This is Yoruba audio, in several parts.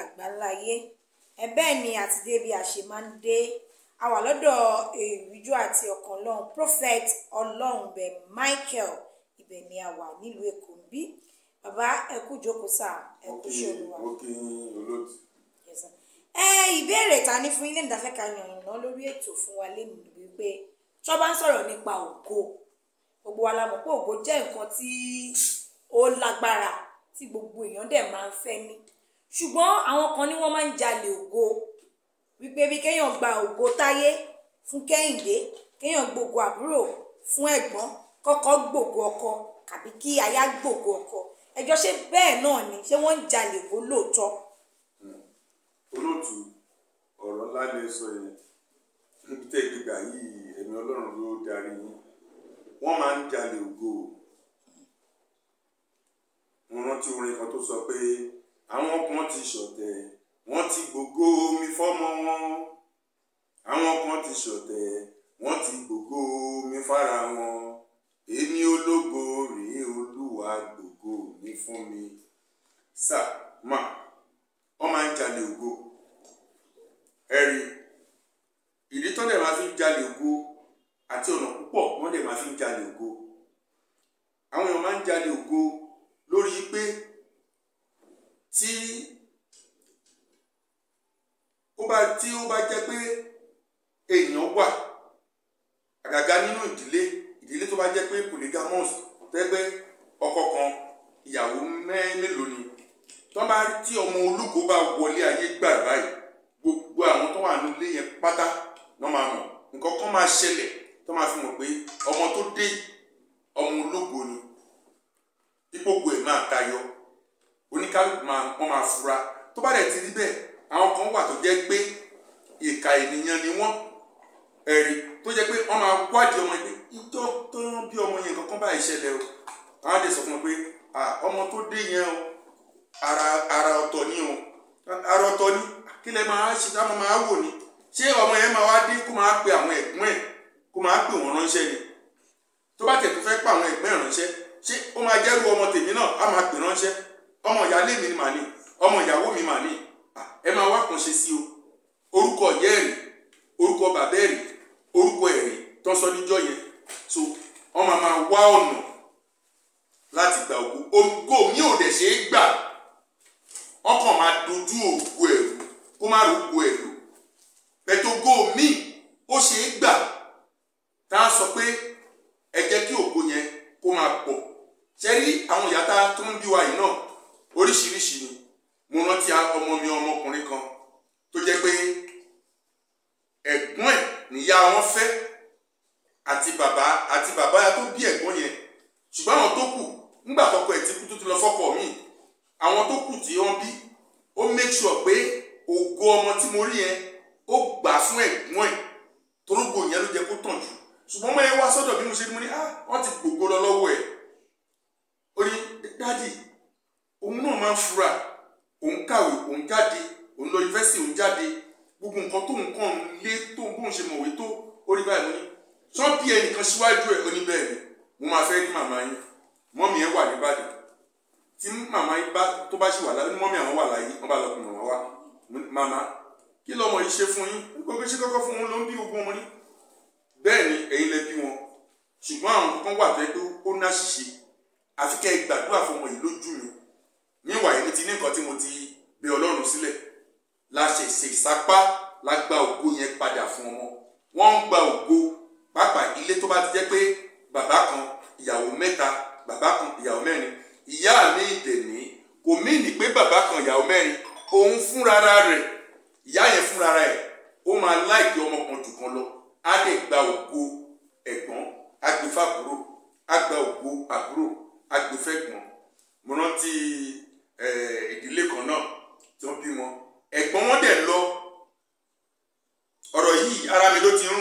àgbáláyé bẹ́ẹ̀ ni àti dé bí a ṣe máa ń dé a wà lọ́dọ̀ èrìjọ àti ọkàn ọlọ́run prophet ọlọ́runbẹ michael ibẹ̀ ni a wà nílùú èkó ń bí bàbá ẹ kú jókòó ẹ kú ṣe ẹ ìbéèrè ta ní fún ilé ìdáfẹ́ka yànnà lórí ètò fún wa lẹ́nu wípé tó bá ń sọ̀rọ̀ nípa ògo gbogbo wa la mọ̀ pé ògo jẹ́ nǹkan tí ó lágbára tí gbogbo èèyàn dẹ̀ máa ń fẹ́ ní ṣùgbọ́n àwọn kan ní wọ́n máa ń jalè ògo wípé bí kéèyàn gba ògo táyé fún kẹ́hìndé kéèyàn gbògo àbúrò fún ẹ̀gbọ́n kọ́kọ́ gbògo ọkọ àbí kí aya gbògo ọkọ ẹjọ́ ṣé bẹ́ẹ̀ náà ni ṣé wọ́n ń jalè ògo lóòótọ́. olóòtú ọ̀rọ̀ ńlá lè sọ yẹn níbi tẹ́ ìgbà yìí ẹ̀mí ọlọ́run ló darí yín wọ́n máa ń jalè ògo mo rántí orin kan tó sọ pé àwọn kan ti ṣọ̀tẹ̀ wọ́n ti gbogbo omi fọ́mọ wọn àwọn kan ti ṣọ̀tẹ̀ wọ́n ti gbogbo omi fára wọn èmi ológo rèé olúwa gbogbo mi fún mi sá mà wọ́n máa ń jalè ògo ẹ̀rí oníkálukú wọn máa fura tó bá dẹ̀ ti rí bẹ́ẹ̀ àwọn kan wà tó jẹ́ pé ìka ènìyàn ni wọ́n ẹ̀rí tó jẹ́ pé wọ́n máa wádìí ọmọ ẹgbẹ́ ìjọ tó ń bí ọmọ yẹn kankan báyìí ṣẹlẹ̀ o àwọn sọ fún wọn pé ọmọ tó dé o ara ni o ara ọ̀tọ̀ ni kí lẹ máa ṣe táwọn máa ni ṣé ọmọ yẹn máa wá dé kó máa pe àwọn ẹ̀gbọ́n ẹ̀ kó ọmọ ìyáálé mi mà ní ọmọ ìyàwó mi mà ní ẹ máa wá kàn ṣe sí o orúkọ ìyá ẹ̀rí orúkọ bàbá ẹ̀rí orúkọ ẹ̀rí tó ń sọ níjọ́ yẹn so ọmọ máa wá ọ̀nà láti gba ògo ògo mi ò dẹ̀ ṣe é gbà ọkàn máa dojú ògo ẹ̀rù kó má ro ògo ẹ̀rù pẹ̀tọ́gò mi ó ṣe é gbà tá a sọ pé ẹ jẹ́ kí ògo yẹn kó máa pọ̀ ṣẹ́rí àwọn ìyá tá a tó ń bí wa yìí náà oríṣiríṣi ni mo rántí ọmọ mi ọmọkùnrin kan tó jẹ́ pé ẹ̀gbọ́n ẹ̀ níyá wọn fẹ́ àti bàbá àti bàbá tó bí ẹ̀gbọ́n yẹn ṣùgbọ́n àwọn tó kù nígbà tọkọ ẹ̀ ti kú tó ti lọ fọ́kọ mi àwọn tó kù tí wọ́n bí ó make sure pé ògo ọmọ tí mo rí yẹn ó gbà fún ẹ̀gbọ́n ẹ̀ torógbò yẹn ló jẹ́ kó tàn jù ṣùgbọ́n mọ́ ẹ wá sọ́dọ̀ bí mo ṣe ní mo ní ah wọ́n ti gbògbó lọ lọ́wọ́ ẹ̀ ó ní dáàdì òun náà máa ń fura òun kàwé òun jáde òun lọ yunifásitì òun jáde gbogbo nǹkan tóun kàn ń lé tó bóun ṣe mọ̀wé tó ó rí báyìí ní sọ́ọ̀bì ẹnìkan síwájú ẹ̀ ó ní bẹ́ẹ̀ ni mo máa fẹ́ rí màmá yín mọ́mì ẹ̀ wà níbàdàn tí màmá yín bá tó bá ṣì wà láyé mọ́mì àwọn wà láyé wọ́n bá lọ kùn màmá wa màmá kí lọ́mọ yìí ṣe fún yín gbogbo ṣe kọ́kọ́ fún wọn ló ń bí ogun wọn ní bẹ́ẹ̀ ni ẹ̀yin lẹ bí wọn ṣùgbọ́n àwọn kan wà fẹ́ tó ó náà ṣiṣẹ́ àfikẹ́ ìgbàdúrà fọmọ yìí lójú mi níwà èmi ti ní nǹkan tí mo ti bẹ ọlọ́run sílẹ̀ la ṣe ìsapá la gba ògo yẹn padà fún ọmọ wọ́n ń gba ògo pàápàá ilé tó bá ti jẹ́ pé bàbá kan ìyàwó mẹ́ta bàbá kan ìyàwó mẹ́rin ìyá mi ìdèmí kò mí ní pé bàbá kan ìyàwó mẹ́rin òun fúnra rẹ̀ ìyá yẹn fúnra rẹ̀ ó máa láìkí ọmọ kan jù kan lọ á lè gba ògo ẹ̀gbọ́n agbèfàbúrò á gba ògo àbúrò agbèfẹ́gbọ́n mo rántí Eh, ìdílé kan náà tó ń bí wọn ẹ̀gbọ́n wọn dẹ̀ lọ ọ̀rọ̀ yìí ara mi ló ti ń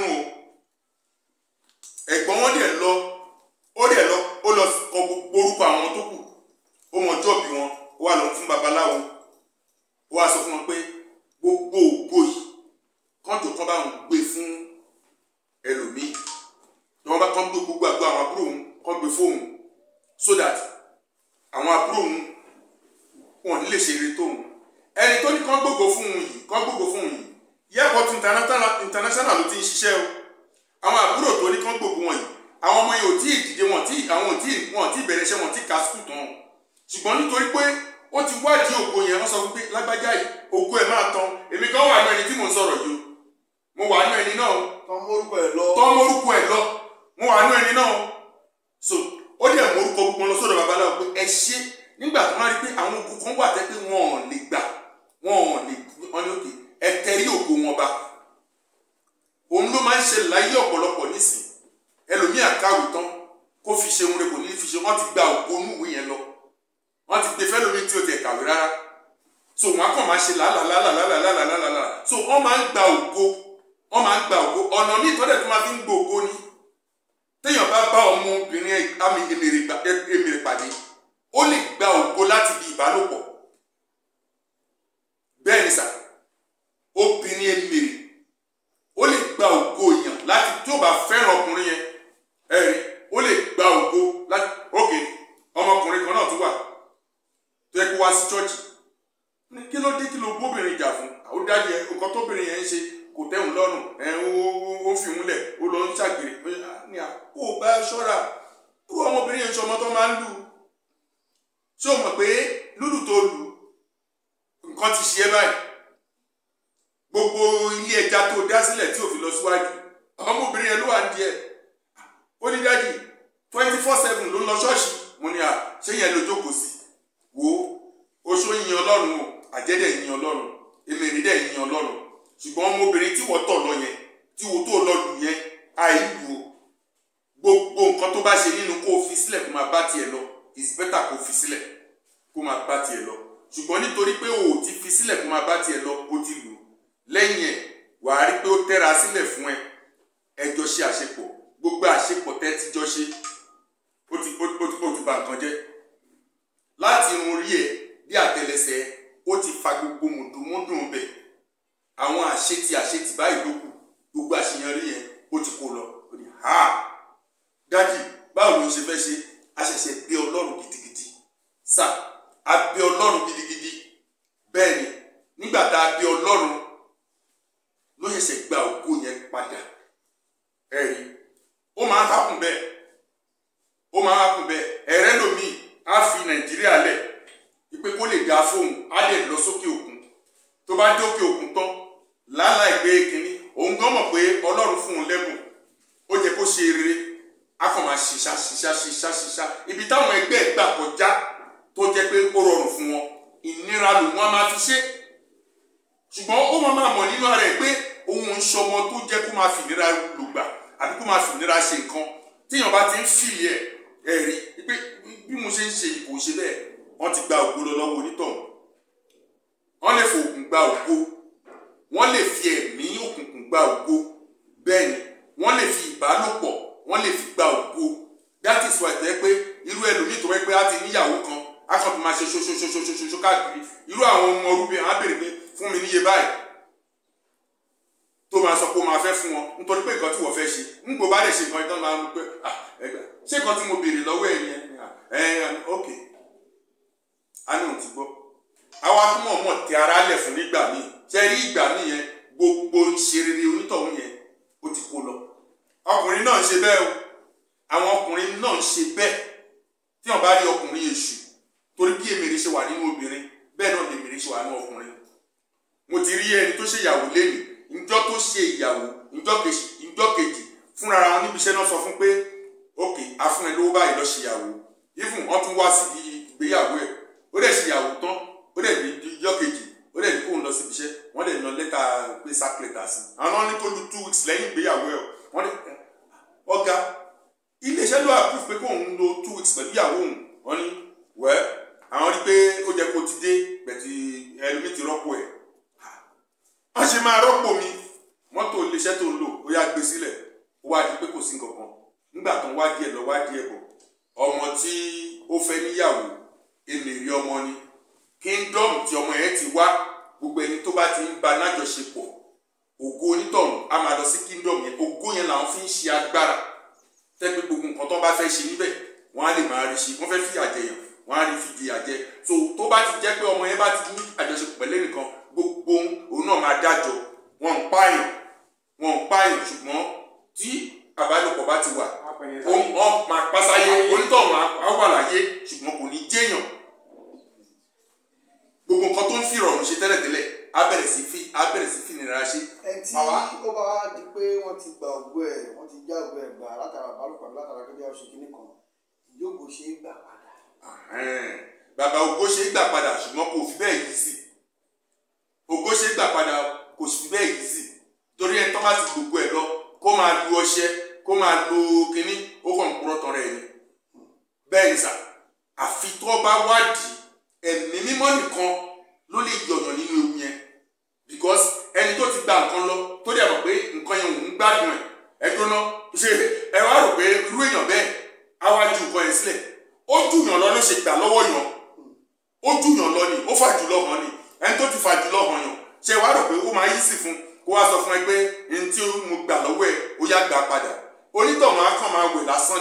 oko yẹn wọ́n sọ wípé lágbájá yìí oko ẹ̀ máa tán èmi kan wà nínú ẹni tí mò ń sọ̀rọ̀ yìí o mo wà nínú ẹni náà tọ́ mórúkọ ẹ̀ lọ mo wà nínú ẹni náà so ó dẹ̀ mórúkọ gbogbo lọ sọ́dọ̀ babaláwo pé ẹ ṣe nígbà tó máa rí pé àwọn òkú kan wà tẹ́ pé wọn ò lè gbà wọn ò lè wọn ní òkè ẹ tẹrí òkú wọn ba òun ló máa ń ṣe láyé ọ̀pọ̀lọpọ̀ nísìn ẹlòmíì àkàwé tán kó fi ṣe òun rẹ kò ní fi ṣe wọ́n ti gba òkú onúwèé yẹn lọ wọ́n ti gbé fẹ́lómi tí o tẹ̀ kàwé rárá so wọn á kàn máa ṣe làálàálàálàálàálàálà so wọn máa ń gba ògo wọn máa ń gba ògo ọ̀nà ní ìtọ́jú tó máa fi ń gba ògo ni téèyàn bá bá ọmọ obìnrin àmì ilé ilé ẹja tó dá sílẹ̀ tí ò lọ síwájú ọmọbìnrin yẹn ló ó ní dájú twenty four seven ló ń lọ ṣọ́ọ̀ṣì mo ní à ṣé yẹn ló jókòó sí wo oṣó yin ọlọ́run o àjẹ́dẹ̀ yin ọlọ́run èmèrè dẹ̀ yin ọlọ́run ṣùgbọ́n ọmọbìnrin tí wọ́n tọ̀ lọ yẹn tí wọ́n tó lọ lù yẹn àìlù o gbogbo nǹkan tó bá ṣe nínú kó o fi sílẹ̀ kó máa bá tiẹ̀ lọ is better kó o fi sílẹ̀ kó máa bá tiẹ̀ lọ ṣùgbọ́n nítorí pé o ò ti fi sílẹ̀ kó máa bá tiẹ̀ lọ o ti lù lẹ́yìn ẹ̀ wà á rí pé ó tẹ́ra sílẹ̀ fún ẹ ẹ jọ ṣe àṣepọ̀ gbogbo àṣepọ̀ tẹ́ ti jọ ṣe ó ti ó ti ó ti bà nǹkan jẹ́ láti irun orí ẹ bí àtẹ́lẹsẹ̀ ó ti fa gbogbo mùdùmúdùn bẹ̀ àwọn àṣetì àṣetì. kó ṣe rere a kàn máa ṣiṣá ṣiṣá ṣiṣá ṣiṣá ibi táwọn ẹgbẹ́ gbà kọjá tó jẹ́ pé ó rọrùn fún wọn ìnira ló wọn máa fi ṣe ṣùgbọ́n ó máa máa mọ̀ nínú ara ẹ̀ pé òun ń ṣọmọ tó jẹ́ kó máa fìnira lùgbà àbí kó máa fìnira ṣe nǹkan téèyàn bá ti ń fìlì ẹ̀ ẹ̀rí pé bí mo ṣe ń ṣe ìbò ṣe bẹ́ẹ̀ wọ́n ti gba ògo lọ lọ́wọ́ onítọ̀hún wọ́n lè fòògùn gba ògo wọ́n lè fi ẹ̀mí òkùnkùn gba ògo bẹ́ẹ̀ ni wọ́n lè fi ìbálòpọ̀ wọ́n lè fi gba ògo that is why tẹ́ pé irú ẹlòmíì tó wẹ́ pé á ti níyàwó kan á kàn fi máa ṣe ṣoṣoṣoṣoṣo káàkiri irú àwọn ọmọ orúbí àwọn á béèrè pé fún mi níye báyìí tó máa sọ pé o máa fẹ́ fún wọn nítorí pé nǹkan tí wọ́n fẹ́ ṣe ń gbò bá lè ṣe nǹkan ìtàn máa ń pẹ́ ah, ẹgbẹ́ ṣé nǹkan tí mo béèrè lọ́wọ́ ẹ̀ yẹn ah, ẹ̀ ok a ní òun ti gbọ́ àwa fún mọ̀ọ́mọ̀ tẹ ara lẹ̀ fún nígbà míì ṣe rí ìgbà míì yẹn gbogbo ìṣerere onítọ̀hún yẹn ó ti kó lọ ọkùnrin náà ń ṣe bẹ́ẹ̀ o àwọn ọkùnrin náà ń ṣe bẹ́ẹ̀ tí wọ́n bá rí ọkùnrin èṣù torí bí èmèrè ṣe wà nínú obìnrin bẹ́ẹ̀ náà lèmèrè ṣe wà nínú ọkùnrin mo ti rí ẹni tó ṣe ìyàwó lẹ́nu ǹjọ́ tó ṣe ìyàwó ǹjọ́ kejì ǹjọ́ kejì fúnra ara wọn níbi iṣẹ́ náà sọ fún pé ok afún ẹ lówó báyìí lọ ṣe ìyàwó even wọ́n tún wá síbi ìgbéyàwó ẹ̀ ó dẹ̀ ṣe ìyàwó tán ó dẹ̀ di ǹjọ́ kejì ó dẹ̀ di kóun lọ síbi iṣẹ́ wọ́n dẹ̀ lọ lẹ́tà pé sacred àti àwọn ní kó lu two weeks lẹ́yìn ìgbéyàwó ẹ̀ wọ́n dẹ̀ ọ̀gá iléeṣẹ́ ló approve pé kóun lo two weeks pẹ̀lú ìyàwó òun wọ́n ní wẹ́ àwọn rí pé ó jẹ́ kó ti dé bẹ̀tì ẹlòmíì ti rọ́pò ẹ̀ wọ́n ṣe máa rọ́pò mi mọ́tò iléeṣẹ́ tó ń lò ó yá gbé sílẹ̀ ó wá di pé kò sí nǹkan kan nígbà tó ń wádìí ẹ̀ lọ wádìí ẹ̀ bọ̀ ọmọ tí ó fẹ́ níyàwó èmèrè ọmọ ni kingdom tí ọmọ yẹn ti wá gbogbo ẹni tó bá ti ń ba lájọṣepọ̀ ògo onítọ̀hún á máa lọ sí làwọn fi ń ṣe agbára tẹ́gbẹ́ gbogbo nǹkan tó bá fẹ́ ṣe níbẹ̀ wọ́n á lè máa rí ṣe wọ́n fẹ́ fi àjẹyàn wọ́n á rí fi di àjẹ so tó bá ti jẹ́ pé ọmọ yẹn bá ti ní àjọṣepọ̀ pẹ̀lú nìkan gbogbo òun náà máa dájọ́ wọn ń pààyàn wọn ń pààyàn ṣùgbọ́n tí àbálòpọ̀ bá ti wà òun máa pásáyé onítọ̀hún á wà láyé ṣùgbọ́n kò ní jẹ́yàn gbogbo nǹkan tó ń fi ìrọ̀rùn ṣe tẹ́lẹ̀tẹ́lẹ̀ abẹ̀rẹ̀ sí fi abẹ̀rẹ̀ sí fi nira ṣe. ẹ ó bá di pé wọ́n ti gba ògbó ẹ̀ wọ́n ti já ògbó ẹ̀ gbà látara balùpà látara gẹ́gẹ́ ọ̀ṣẹ̀ kínní kan yóò kó ṣe é gbà padà. bàbá ògbó ṣe é gbà padà ṣùgbọ́n kò fi bẹ́ẹ̀ yìí sí ògbó ṣe é gbà padà kò sì fi bẹ́ẹ̀ yìí sí torí ẹ tán bá ti gbogbo ẹ̀ lọ kó máa lu ọṣẹ kó máa lo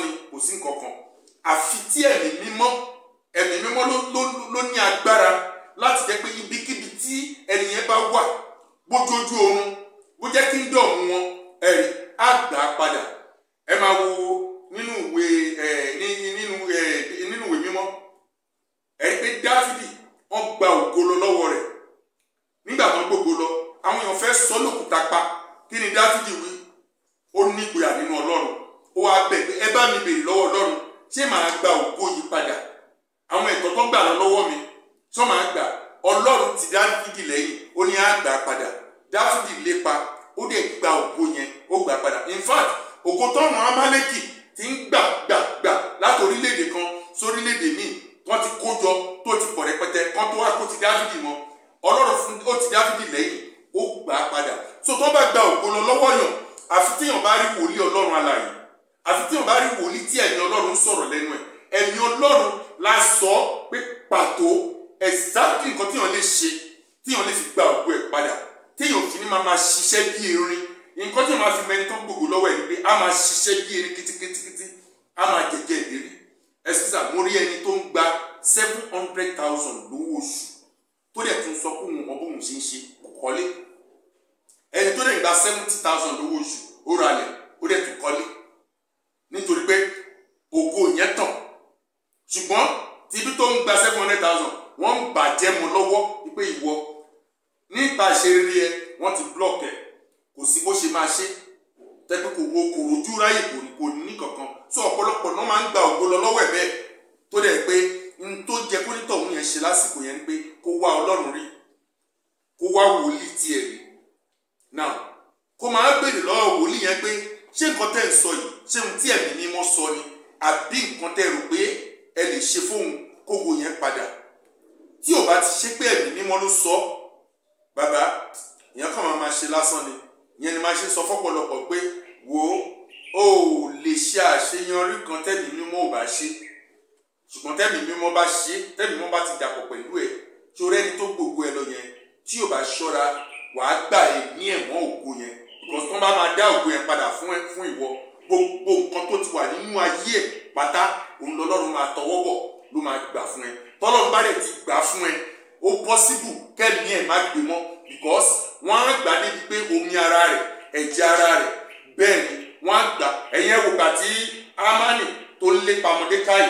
ni kò sí nǹkan kan àfi tí ẹ̀mí mímọ́ ẹ̀mí mímọ́ ló ní agbára láti jẹ́ pé ibikíbi tí ẹni yẹn bá wà bójójú oorun bó jẹ́ kingdom wọn ẹ̀rí á gbà padà ẹ máa wo nínú ìwé ẹ nínú ẹ nínú ìwé mímọ́ ẹ̀rí pé dáfídì wọ́n gba ògo lọ lọ́wọ́ rẹ̀ nígbà tó ń gbogbo lọ àwọn èèyàn fẹ́ sọ lókùúta pa kí ni dáfídì wí ó nígboyà nínú ọlọ́run ó wá bẹ̀ pé ẹ bá mi béèrè lọ́wọ́ ọlọ́run ṣé màá gba ògo yìí padà àwọn ẹ̀tọ́ tó gbà lọ́wọ́ mi tó màá gbà ọlọ́run ti dáfídì lẹ́yìn ó ní àgbà padà dáfídì seven hundred thousand lówó oṣù tó dẹ̀ tún sọ fún ọmọ bóun ṣe ń ṣe kọ́lé ẹni tó dẹ̀ gba seventy thousand lówó oṣù ó ralẹ̀ ó dẹ̀ tún kọ́lé nítorí pé ògo yẹn tàn ṣùgbọ́n tibí tó ń gba seven hundred thousand wọ́n ń bàjẹ́ mu lọ́wọ́ wípé ìwọ nípa ìṣeré ẹ wọ́n ti block ẹ kò sí bó ṣe máa ṣe tẹ́gbẹ́ kò wo kò rojú ráyè kò ní kankan so ọ̀pọ̀lọpọ̀ náà máa ń gba ògo lọ lọ́wọ́ ẹ̀ bẹ́ẹ̀ tó dẹ̀ pé n tó jẹ kó nítọ̀ òun yẹn ṣe lásìkò yẹn ni pé kó wá ọlọ́run rí kó wá wòlíì tiẹ̀ rí now kó máa béèrè lọ́wọ́ wòlíì yẹn pé ṣé nǹkan tẹ́ ń sọ yìí ṣé ohun tí ẹ̀mí mímọ́ sọ ni àbí nǹkan tẹ́ rò pé ẹ lè ṣe fóun kó wo yẹn padà tí ò bá ti ṣe pé ẹ̀mí mímọ́ ló sọ bàbá ìyẹn kàn máa ṣe lásán ni ìyẹn ni máa ṣe sọ fọ́pọ̀lọpọ̀ pé wò ó lè ṣe àṣeyọrí kan tẹ́mi mímọ́ ò bá ṣe ṣùgbọ́n tẹ́mi mímọ́ bá ṣe tẹ́mi mímọ́ bá ti dàpọ̀ pẹ̀lú ẹ̀ torí ẹni tó gbogbo ẹ lọ yẹn tí ò bá ṣọ́ra wàá gbà ẹ ní ẹ̀wọ̀n ògo yẹn because tó bá máa dá ògo yẹn padà fún ẹ fún ìwọ gbogbo nǹkan tó ti wà nínú ayé ẹ pátá òun lọ́lọ́run máa tọwọ́ bọ̀ ló máa gbà fún ẹ tọ́lọ́run bá dẹ̀ ti gbà fún ẹ ó possible kẹ́mi ẹ̀ má gbé mọ́ because wọ́n á gbà débi pé omi ara rẹ̀ ẹ̀jẹ̀ ara rẹ̀ bẹ́ẹ̀ ni wọ́n á gbà ẹ̀yẹ́ wò gbà tí amani tó lépa Mọ́dékáì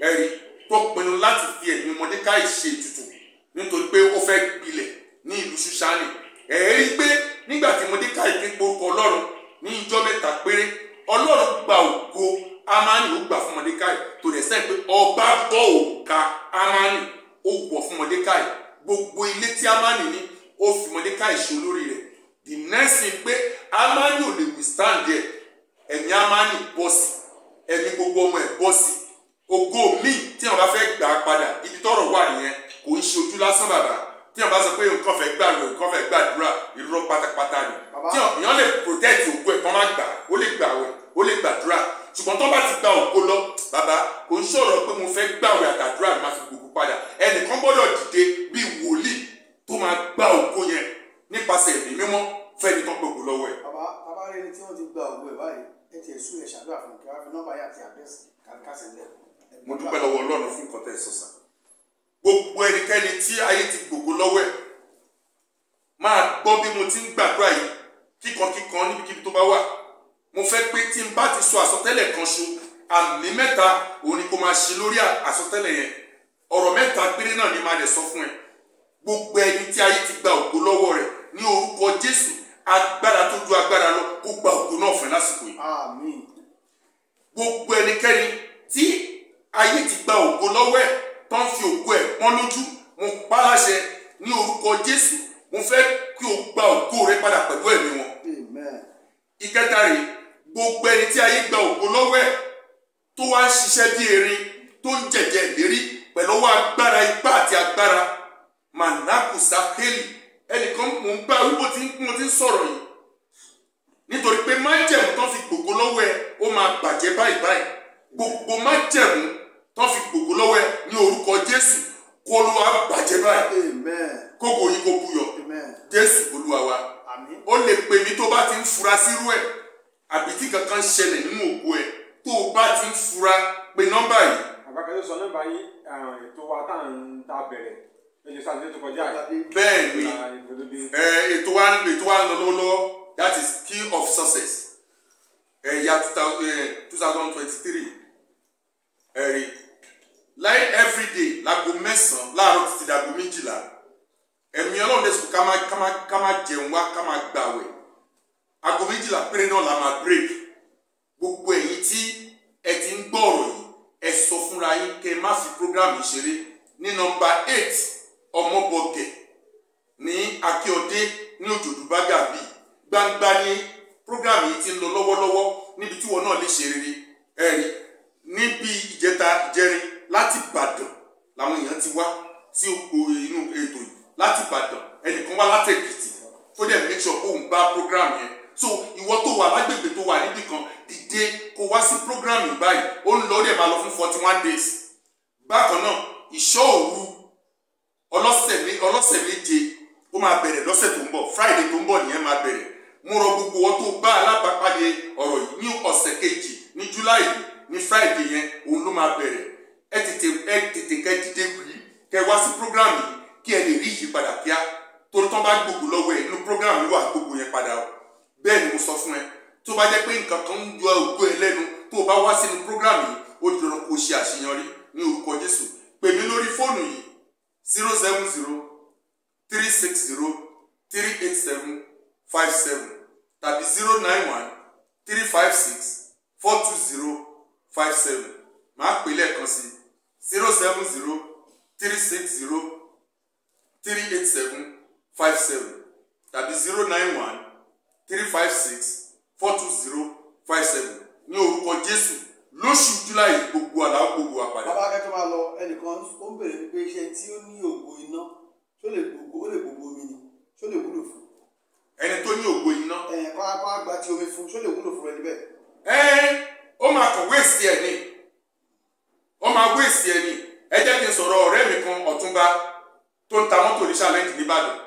ẹ̀rí tó pinnu láti fi ẹ̀mí Mọ́dékáì ṣe ètùtù nítorí pé ó fẹ́ gbilẹ̀ ní ìlú Ṣúṣánì ẹ̀rí pé nígbà tí Mọ́dékáì fi gborúkọ Ọlọ́run ní ìjọ mẹ́ta péré Ọlọ́run gba ògo amani ó gbà fún Mọ́dékáì tó dẹ̀ sẹ́yìn pé ọba bọ́ òǹkà Ámánì ó wọ̀ fún gbogbo ilé tí amani ní ó fi Mọ́dékáì ṣe olórí rẹ̀ the next thing pé ò lè withstand gbogbo ọmọ ẹ̀ ògo míì tí wọn bá fẹ́ gbà padà ibi tọ́rọ̀ wà nìyẹn kò ń ṣojú lásán bàbá tí wọn bá sọ pé nǹkan fẹ́ gbà lò nǹkan fẹ́ gbàdúrà irọ́ pátápátá ni tí wọn lè protect ògo ẹ̀ kọ́ máa gbà ó lè gbà wẹ̀ ó lè gbàdúrà ṣùgbọ́n tó bá ti gba ògo lọ bàbá kò ń sọ̀rọ̀ pé mo fẹ́ gbàwẹ̀ àtàdúrà ni máa fi gbogbo padà ẹnìkan gbọ́dọ̀ dìde bíi wòlíì tó máa gba ògo yẹn nípasẹ̀ ẹ̀mí mímọ́ fẹ́ni tó gbogbo lọ́wọ́ ẹ̀. bàbá bàbá rẹ ni tí wọn ti gba ògo ẹ báyìí ẹ ti ẹ sún ẹ ṣàdúrà fún kí wọn fi nọ́mbà yà àti àdírẹ́sì kàkásẹ̀ lẹ́kọ̀ọ́ mo dúpẹ́ lọ́wọ́ ọlọ́run fún nǹkan tẹ́ ẹ sọ sá gbogbo ẹnikẹ́ni tí ayé ti gbògbó lọ́wọ́ ẹ̀ máa gbọ́ bí mo ti ń gbàdúrà yìí kíkankíkan níbikíbi tó bá wà mo fẹ́ pé tí n bá ti sọ àsọtẹ́lẹ̀ kan ṣo àmì mẹ́ta òun ni kò máa ṣe lórí àsọtẹ́lẹ̀ yẹn ọ̀rọ̀ mẹ́ta péré náà ni máa lè sọ fún ẹ gbogbo ẹni tí ayé ti gba ògbó lọ́wọ́ rẹ̀ ní orúkọ Jésù agbára tó ju agbára lọ kó gba ògbó náà fún lásìkò yìí gbogbo ẹnikẹ́ni tí ayé ti gba ògo lọ́wọ́ ẹ̀ tó ń fi ògo ẹ̀ pọ́n lójú mo pa láṣẹ ní orúkọ Jésù mo fẹ́ kí o gba ògo rẹ padà pẹ̀lú ẹ̀mí wọn. ìkẹta rèé gbogbo ẹni tí ayé gba ògo lọ́wọ́ ẹ̀ tó wá ń ṣiṣẹ́ bí erin tó ń jẹ̀jẹ̀ ìlérí pẹ̀lú ọwọ́ agbára ipá àti agbára manakusa heli ẹnìkan mò ń bá wípé mo ti ń sọ̀rọ̀ yìí nítorí pé májẹ̀mú tán fi gbogbo lọ́wọ́ ẹ ó máa bàjẹ́ báyìí báyìí gbogbo májẹ̀mú tó fi gbogbo lọ́wọ́ ẹ ní orúkọ Jésù kó olúwa bàjẹ́ báyìí kókò yìí kó buyọ̀ Jésù olúwa wa ó lè pè mí tó bá ti ń fura sírú ẹ̀ àbí tí kankan ṣẹlẹ̀ nínú òkú ẹ̀ tó bá ti ń fura pé nọ́mbà yìí. àbákan yóò sọ nọ́mbà yìí eh, ètò wa tá à ń ta bẹ̀rẹ̀ ẹ̀jẹ̀ sáà tó kọjá yìí. bẹ́ẹ̀ ni ah, eh, ètò wa ètò wa lọ lọ́wọ́lọ́wọ́ that is key of success ẹ̀yà eh, two thousand twenty three ẹ̀rí láì everyday láago mẹ́sàn-án láàárọ̀ títí dàgbo méjìlá ẹ̀mí ọlọ́run dẹ̀ sùn ká máa ká máa ká máa jẹun wá ká máa gbàwẹ̀ aago méjìlá péré náà la máa break gbogbo ẹ̀yin tí ẹ ti ń gbọ́ ọ̀rọ̀ yìí ẹ sọ fúnra yín kẹ́ ẹ má fi program ìṣeré ní nọ́mbà eight ọmọbọgẹ ní akíọdé ní òjòdú bágàbí gbangba ní program yìí ti ń lọ lọ́wọ́lọ́wọ́ níbi tí wọn náà lè ṣe rere ẹ̀rí níbi ìjẹta ìjẹrin láti Ìbàdàn làwọn èèyàn ti wá sí inú ètò yìí láti Ìbàdàn ẹnìkan wá láti Èkìtì tó dẹ̀ make sure kóun bá program yẹn so ìwọ tó wà lágbègbè tó wà níbì kan dìde kó wá sí program yìí báyìí ó ń lọ ó dẹ̀ máa lọ fún forty one days bákan náà ìṣọ́ òru ọlọ́sẹ̀ méje ó máa bẹ̀rẹ̀ lọ́sẹ̀ tó ń bọ̀ Friday tó ń bọ̀ nìyẹn máa bẹ̀rẹ̀ mo rọ gbogbo wọn tó bá alábàápàdé ọ̀rọ̀ yìí ní ọ̀sẹ̀ kejì ní July ní Friday yẹn òun ló máa bẹ̀rẹ̀ ẹ tètè ẹ tètè kẹ dìde wì kẹ wá sí program yìí kí ẹ lè rí ìyípadà kíá torí tán bá gbogbo lọ́wọ́ ẹ inú program yìí wà gbogbo yẹn padà o bẹ́ẹ̀ ni mo sọ fún ẹ tó bá jẹ́ pé nǹkan kan ń yọ ògbó ẹ lẹ́nu tó o bá wá sínú program yìí ó di dandan kó o ṣe àṣeyọrí ní orúkọ Jésù pè mí lórí fóònù yìí zero seven zero three six zero three eight seven five seven tàbí zero nine one three five six four two zero five seven màá pè lẹ́ẹ̀kan sí i zero seven zero three six zero three eight seven five seven tàbí zero nine one three five six four two zero five seven ní orúkọ Jésù lóṣù July gbogbo àlàó gbogbo àpàdé. bàbá akẹ́kọ̀ọ́ máa lọ ẹnìkan ó ń bèrè pé iṣẹ́ tí ó ní ògo iná tó lè gbogbo ó lè gbogbo omi ni tó lè wúlò fún. ẹni tó ní ògo iná. ẹ̀yìn kan á gba ti omi fún tó lè wúlò fún ẹni bẹ́ẹ̀. gbá tó ń ta mọ́tò ní nìbàdàn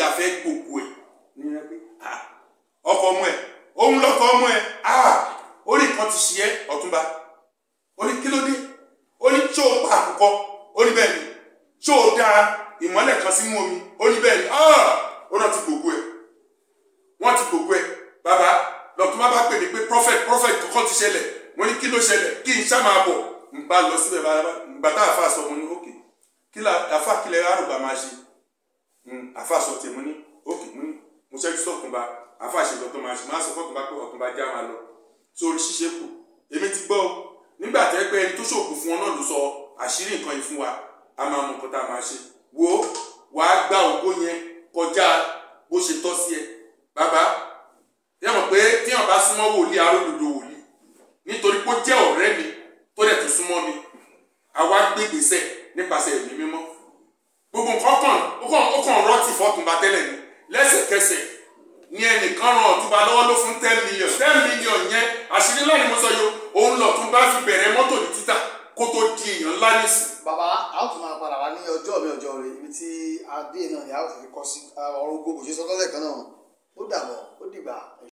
il y ṣùgbọ́n aṣọ fọkànbá pé ọ̀túnba já máa lọ sórí ṣíṣe kù èmi ti gbọ́ nígbà tẹ́ pé ẹni tó ṣògùn fún ọ náà ló sọ àṣírí nǹkan yìí fún wa a máa mọ nǹkan tá a máa ṣe wo wàá gba ògbó yẹn kọjá bó ṣe tọ́ sí ẹ bàbá yẹ mọ̀ pé téèyàn bá súnmọ́ wòlíì aródodo wòlíì nítorí pé ó jẹ́ ọ̀rẹ́ mi tó dẹ̀ tún súnmọ́ mi àwa gbé gbèsè nípasẹ̀ ẹ̀mí mímọ́ gbogbo nǹkan ó kàn ó kàn rọ́ọ̀tì fọ́tùnba tẹ́lẹ̀ ni lẹ́sẹ̀kẹsẹ̀ Ni nìkan ràn ọ̀túnba lọ́wọ́ ló fún ten million ten million yẹn àṣírí ńlá ni mo sọ yìí òun lọ̀túnba fi bẹ̀rẹ̀ mọ́tò ní títà kó tó di èèyàn ńlá nísìn. bàbá a ó tún máa padà wá ní ọjọ́ mi ọjọ́ rẹ ibi tí adé náà ni a ó fi kọ́ sí ọ̀rọ̀ gbogbo ṣe sọ́kọ́lẹ̀ kan náà ó dàbọ̀ ó dìgbà